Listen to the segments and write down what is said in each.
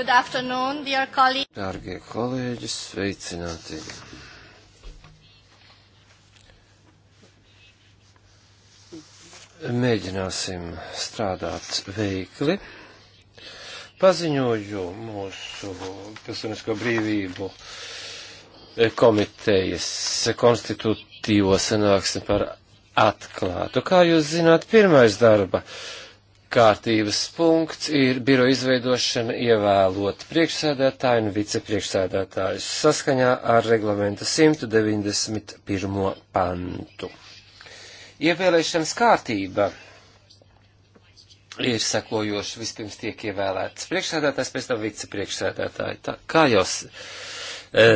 Good afternoon, dear colleagues. Dārgie kolēģi, sveicināti. Mēģināsim strādāt veikli. Paziņoju mūsu pilsonisko brīvību komitejas konstitutīvo sanāksmi par atklātu. Kā jūs zināt, pirmais darba. Uh, kārtības punkts ir biro izveidošana ievēlot priekšsēdētāju un vicepriekšsēdētājus saskaņā ar reglamenta 191. pantu. Ievēlēšanas kārtība ir sekojoša. Vispirms tiek ievēlēts priekšsēdētājs, pēc tam vicepriekšsēdētāji. Tā, kā jau e,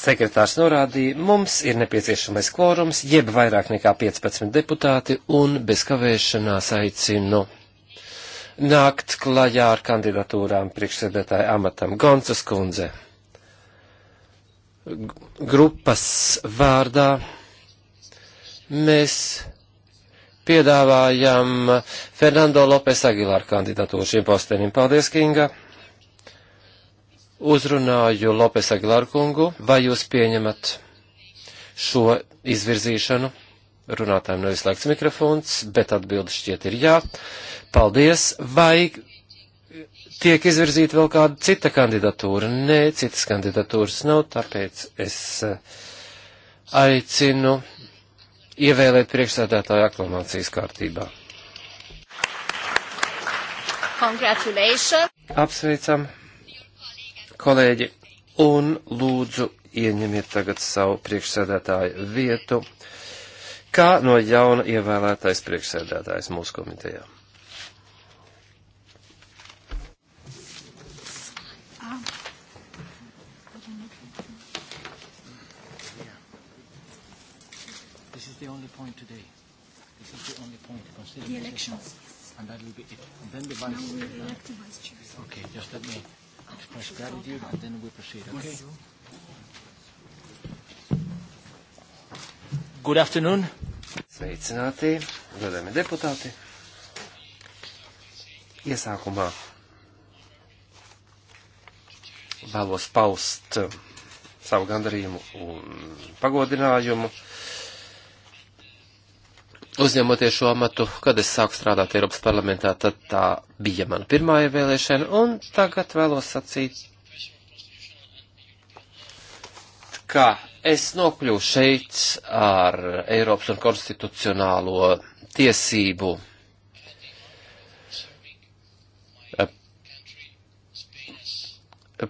sekretārs norādīja, mums ir nepieciešamais kvorums, jeb vairāk nekā 15 deputāti, un bez kavēšanās aicinu nākt klajā ar kandidatūrām priekšsēdētāja amatam Goncas kundze. Grupas vārdā mēs piedāvājam Fernando Lopes Aguilar kandidatūru šiem postenim. Paldies, Kinga! Uzrunāju Lopes Aguilar kungu. Vai jūs pieņemat šo izvirzīšanu? runātājiem nav izslēgts mikrofons, bet atbildi šķiet ir jā. Paldies. Vai tiek izvirzīta vēl kāda cita kandidatūra? Nē, citas kandidatūras nav, tāpēc es eh, aicinu ievēlēt priekšsēdētāju aklamācijas kārtībā. Apsveicam, kolēģi, un lūdzu ieņemiet tagad savu priekšsēdētāju vietu kā no jauna ievēlētais priekšsēdētājs mūsu komitejā. point today. This is the only point considering the elections. Yes. And that will be it. And then the vice. Now we will elect the vice chair. Okay, just let me express gratitude and then we proceed. Okay. Yes. Good afternoon. Sveicināti, godami deputāti. Iesākumā vēlos paust um, savu gandarījumu un pagodinājumu. Uzņemoties šo amatu, kad es sāku strādāt Eiropas parlamentā, tad tā bija mana pirmā ievēlēšana, un tagad vēlos sacīt, ka es nokļuvu šeit ar Eiropas un konstitucionālo tiesību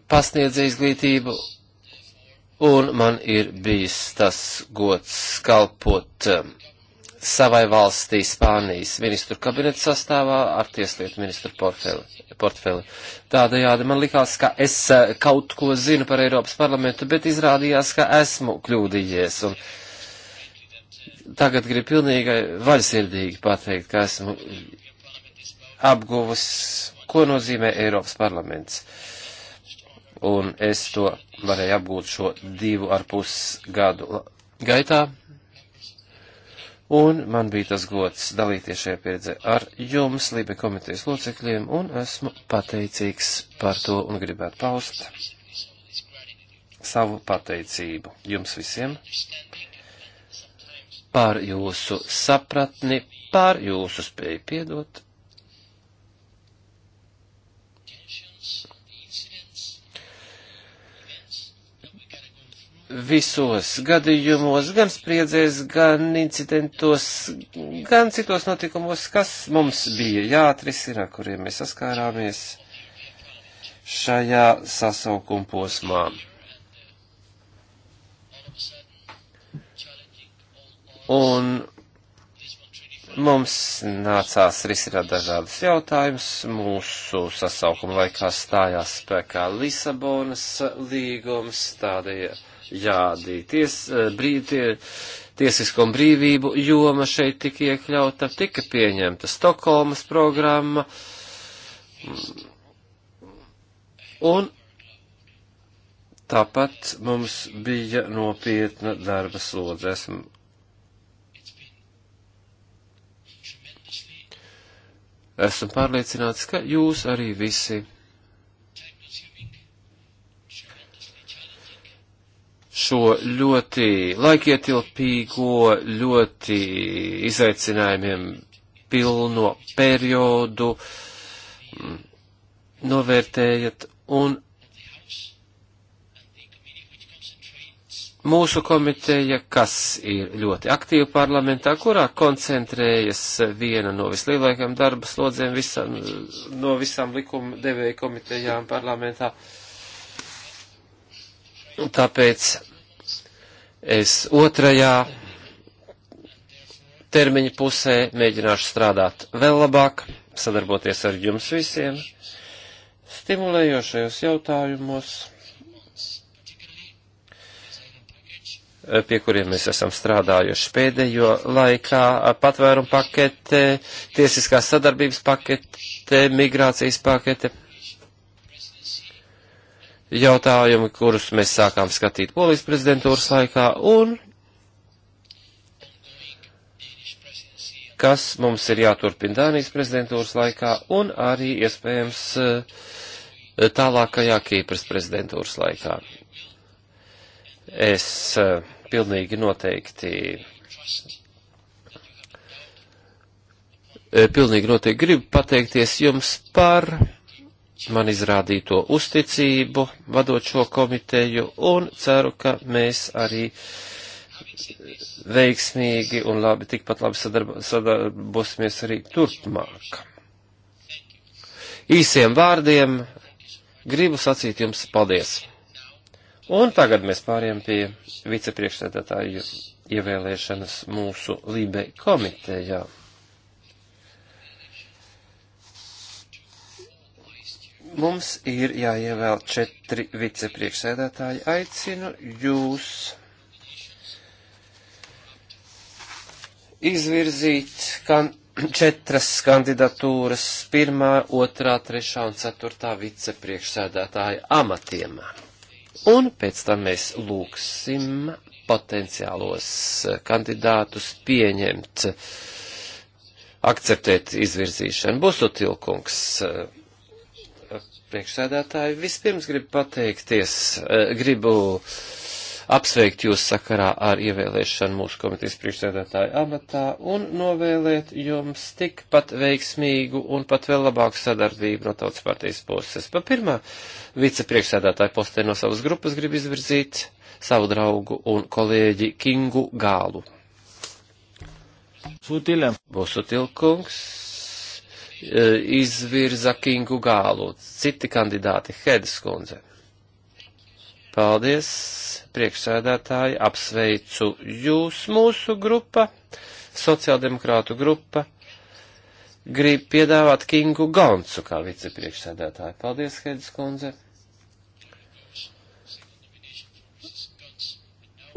pasniedz izglītību, un man ir bijis tas gods kalpot uh, savai valstī Spānijas ministru kabineta sastāvā ar tieslietu ministru portfeli. portfeli. Tādējādi man likās, ka es eh, kaut ko zinu par Eiropas parlamentu, bet izrādījās, ka esmu kļūdījies. Un tagad gribu pilnīgi vaļsirdīgi pateikt, ka esmu apguvis, ko nozīmē Eiropas parlaments. Un es to varēju apgūt šo divu ar pus gadu gaitā un man bija tas gods dalīties šajā pieredzē ar jums, Lībe komitejas locekļiem, un esmu pateicīgs par to un gribētu paust savu pateicību jums visiem par jūsu sapratni, par jūsu spēju piedot visos gadījumos, gan spriedzēs, gan incidentos, gan citos notikumos, kas mums bija jāatrisina, kuriem mēs saskārāmies šajā sasaukuma posmā. Un mums nācās risināt dažādus jautājumus. Mūsu sasaukuma laikā stājās spēkā Lisabonas līgums, tādēļ jādī. Eh, Ties, brīd, tiesisko un brīvību joma šeit tika iekļauta, tika pieņemta Stokholmas programma. Un tāpat mums bija nopietna darba slodze. Esmu Esmu pārliecināts, ka jūs arī visi šo ļoti laikietilpīgo, ļoti izaicinājumiem pilno periodu mm, novērtējat un mūsu komiteja, kas ir ļoti aktīva parlamentā, kurā koncentrējas viena no vislielākajām darba slodzēm visa, no visām likuma devēja komitejām parlamentā. Tāpēc Es otrajā termiņa pusē mēģināšu strādāt vēl labāk, sadarboties ar jums visiem, stimulējošajos jautājumos, pie kuriem mēs esam strādājuši pēdējo laikā, patvērumu pakete, tiesiskās sadarbības pakete, migrācijas pakete jautājumi, kurus mēs sākām skatīt polijas prezidentūras laikā un kas mums ir jāturpina Dānijas prezidentūras laikā un arī iespējams eh, tālākajā Kīpras prezidentūras laikā. Es eh, pilnīgi noteikti. Eh, pilnīgi noteikti gribu pateikties jums par man izrādīto uzticību, vadot šo komiteju, un ceru, ka mēs arī veiksmīgi un labi, tikpat labi sadarba, sadarbosimies arī turpmāk. Īsiem vārdiem gribu sacīt jums paldies. Un tagad mēs pāriem pie vicepriekšsēdētāju ievēlēšanas mūsu Lībe komitejā. Mums ir jāievēl četri vicepriekšsēdētāji. Aicinu jūs izvirzīt kan četras kandidatūras pirmā, otrā, trešā un ceturtā vicepriekšsēdētāja amatiem. Un pēc tam mēs lūksim potenciālos kandidātus pieņemt, akceptēt izvirzīšanu. Būs utilkungs priekšsēdētāji. Vispirms gribu pateikties, eh, gribu apsveikt jūs sakarā ar ievēlēšanu mūsu komitejas priekšsēdētāju amatā un novēlēt jums tikpat veiksmīgu un pat vēl labāku sadarbību no tautas partijas puses. Pa pirmā vicepriekšsēdētāja postē no savas grupas grib izvirzīt savu draugu un kolēģi Kingu Gālu. Sūtilē. Būs sutilkungs Eh, izvirza Kingu Gālu, citi kandidāti Hedes kundze. Paldies, priekšsēdētāji, apsveicu jūs, mūsu grupa, sociāldemokrātu grupa, grib piedāvāt Kingu Goncu kā vicepriekšsēdētāju. Paldies, Hedes kundze.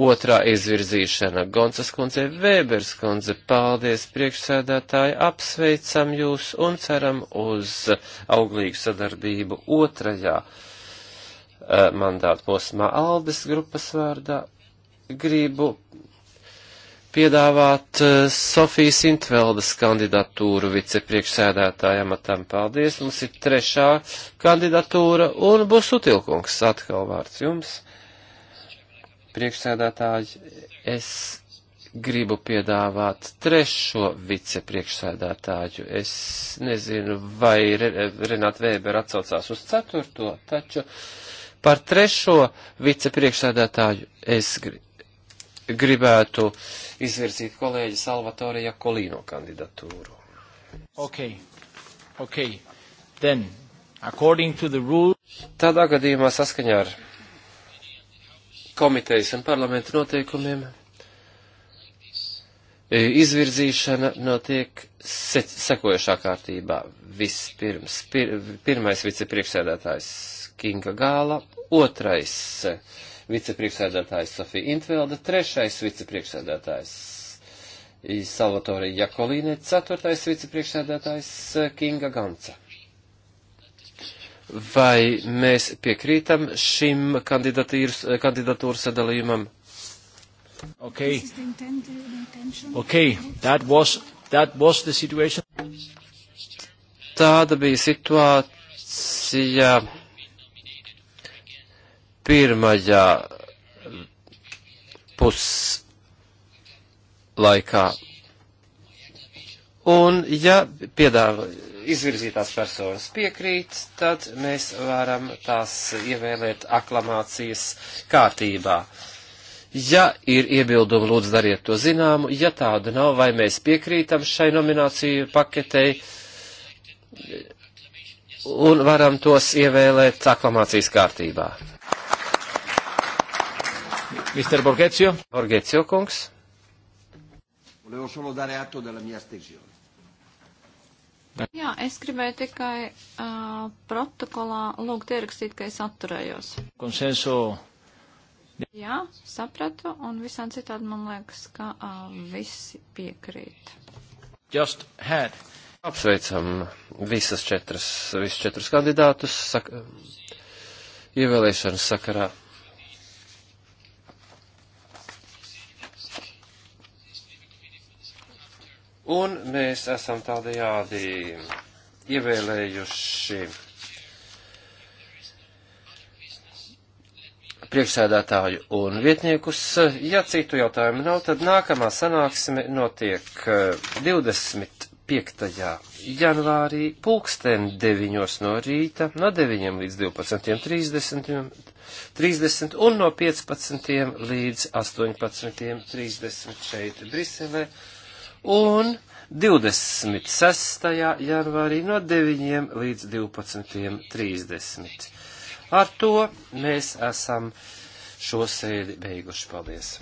otrā izvirzīšana. Goncas kundze, Vēbers kundze, paldies priekšsēdētāji, apsveicam jūs un ceram uz auglīgu sadarbību otrajā uh, eh, mandāta posmā Aldes grupas vārdā. Gribu piedāvāt eh, Sofijas Intveldes kandidatūru vicepriekšsēdētāja amatam. Paldies, mums ir trešā kandidatūra un būs sutilkungs. Atkal vārds jums priekšsēdētāji, es gribu piedāvāt trešo vicepriekšsēdētāju. Es nezinu, vai Renāta Vēbera atsaucās uz ceturto, taču par trešo vicepriekšsēdētāju es gribētu izvirzīt kolēģi Salvatore Jakolino kandidatūru. Okay. Okay. Then, according to the rules. Tādā gadījumā saskaņā ar komitejas un parlamenta noteikumiem e, izvirzīšana notiek sekojošā kārtībā. Vispirms pir, pirmais vicepriekšsēdētājs Kinga Gāla, otrais vicepriekšsēdētājs Sofija Intvelda, trešais vicepriekšsēdētājs Salvatore Jakolīne, ceturtais vicepriekšsēdētājs Kinga Ganca. Vai mēs piekrītam šim eh, kandidatūras sadalījumam? Okay. Uh, okay. That was, that was the situation. Tāda bija situācija pirmajā puslaikā. Un, ja piedāvā izvirzītās personas piekrīt, tad mēs varam tās ievēlēt aklamācijas kārtībā. Ja ir iebildumi, lūdzu dariet to zināmu, ja tāda nav, vai mēs piekrītam šai nomināciju paketei un varam tos ievēlēt aklamācijas kārtībā. Mr. Borgezio. Borgezio kungs. Volevo solo dare atto della mia astensione. Jā, es gribēju tikai uh, protokolā lūgt ierakstīt, ka es atturējos. Konsenso. Jā, sapratu, un visām citādi man liekas, ka uh, visi piekrīt. Just had. Apsveicam visas četras, visus četrus kandidātus sak ievēlēšanas sakarā. Un mēs esam tādējādi ievēlējuši priekšsēdētāju un vietniekus. Ja citu jautājumu nav, tad nākamā sanāksme notiek 25. Eh, janvārī pulksten 9 no rīta, no 9 līdz 12.30 30 un no 15 līdz 18.30 šeit Briselē un 26. janvārī no 9 līdz 12.30. Ar to mēs esam šo sēdi beiguši. Paldies!